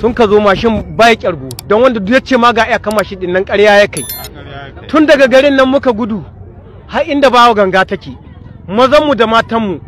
sun ka zo mashin baya kyargu don wanda duk ce ma ga iya kama shi din nan ƙarya ya kai tun daga garin nan muka gudu har inda bawa ganga take mazanmu da matanmu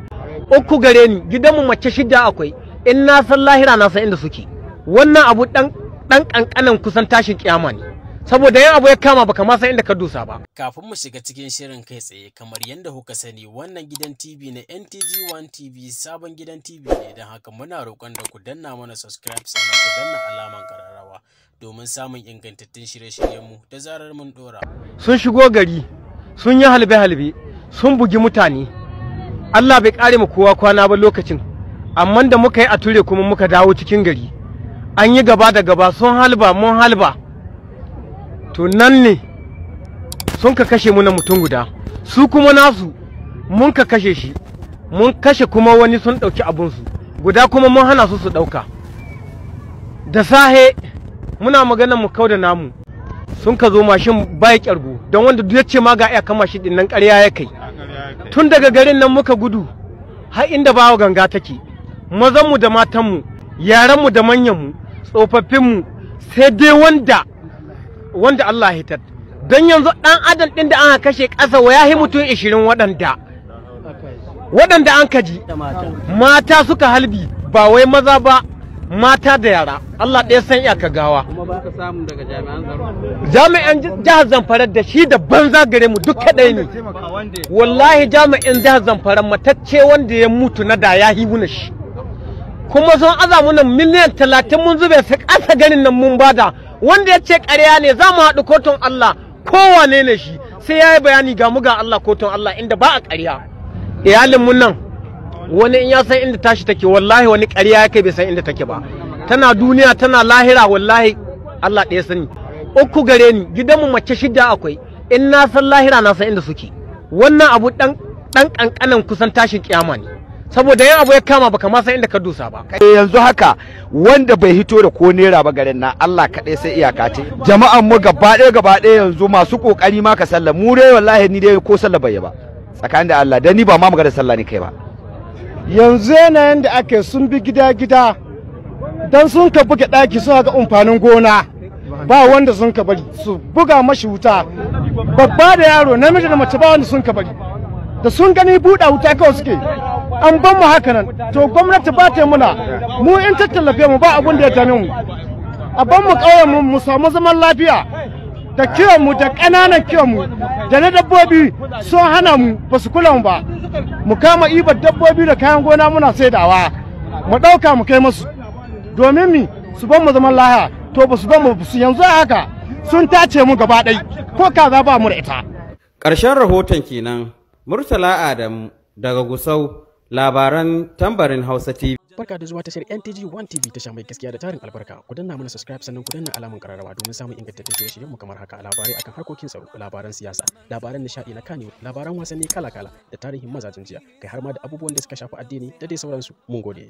uku gare ni gidanmu mace shida akwai in na san lahira na san inda suke wannan abu dan kankanan kusan tashin kiyama ne saboda yan abu ya kama baka ma san inda ka dusa ba kafin mu shiga cikin shirin kai tsaye kamar yadda kuka sani wannan gidan TV na NTG 1 TV sabon gidan TV ne don haka muna roƙon da ku danna mana subscribe sannan ku danna alaman kararrawa domin samun ingantattun shirye mu da zarar mun dora sun shigo gari sun yi halbe-halbe sun bugi mutane Allah bai kare mu kowa kwana ba lokacin amma da muka yi a ture kuma muka dawo cikin gari an yi gaba da gaba sun halba mun halba to nan ne sun ka kashe mu na mutum guda su kuma nasu mun ka kashe shi mun kashe kuma wani sun ɗauki abinsu guda kuma mun hana su su ɗauka da sahe muna magana mu kau da namu sun ka zo mashin baya kyargu don wanda duk ya ce ma ga iya kama shi dinnan nan ƙarya ya kai tun daga garin nan muka gudu har inda bawa ganga take mazanmu da matanmu yaranmu da manyanmu tsofaffinmu sai dai wanda wanda Allah ya tar dan yanzu dan adam ɗin da an kashe kasa wa hi mutum ishirin waɗanda waɗanda an kaji mata suka halbi ba wai maza ba mata da yara Allah ɗaya san iya gawa jami'an jihar zamfara da shi da banza gare mu duk kaɗai ne wallahi Jami'an jihar zamfara matacce wanda ya mutu na da ya wuna shi kuma sun aza nan miliyan talatin mun zube su ƙasa ganin nan mun bada wanda ya ce karya ne za mu haɗu kotun Allah kowane ne shi sai ya yi bayani ga muga ga Allah kotun Allah inda ba a ƙarya iyalin mun nan wani in ya san inda tashi take wallahi wani ƙarya ya kai bai san inda take ba tana duniya tana lahira wallahi Allah ɗaya sani uku gare ni gidanmu mace shida akwai in na san lahira na san inda suke wannan abu ɗan ƙanƙanan kusan tashin kiyama ne saboda yan abu ya kama baka ma san inda ka dusa ba yanzu haka wanda bai hito da ko naira ba garin nan Allah kaɗai sai iyaka ce jama'an mu gaba ɗaya gaba ɗaya yanzu masu kokari ma ka sallah mu dai wallahi ni dai ko sallah bai ba tsakanin da Allah dan ni ba ma magana sallah ne kai ba yanzu yanayin da ake sun bi gida gida dan sun ka buga ɗaki sun ga amfanin gona ba wanda sun ka bari su buga mashi wuta babba da yaro namiji da mace ba wanda sun ka bari da sun gani buɗa wuta kawai suke an ban mu haka nan to gwamnati ba ta muna mu in ta tallafe mu ba abun da ya dame mu a ban mu kauyen mu mu samu zaman lafiya da kiyon mu da ƙananan kiyon mu da na dabbobi sun hana mu ba su kula mu ba mu kama ibar dabbobi da kayan gona muna saidawa mu ɗauka mu kai musu domin mi su ban mu zaman lafiya to ba su ban mu su yanzu haka sun tace mu gaba ɗai ko kaza ba mu da ita ƙarshen rahoton kenan murtala adamu daga gusau Labaran tambarin Hausa TV. Barka da zuwa tashar NTG One TV tasha mai gaskiya da tarin albarka. Ku danna mana subscribe sannan ku danna alamun kararrawa domin samun ingantaccen shirye-shiryen mu kamar haka labarai akan harkokin tsaro, labaran siyasa, labaran nishadi na kanewa, labaran wasanni kala-kala da tarihin mazajen jiya, kai har ma da abubuwan da suka shafi addini da dai sauransu. Mun gode.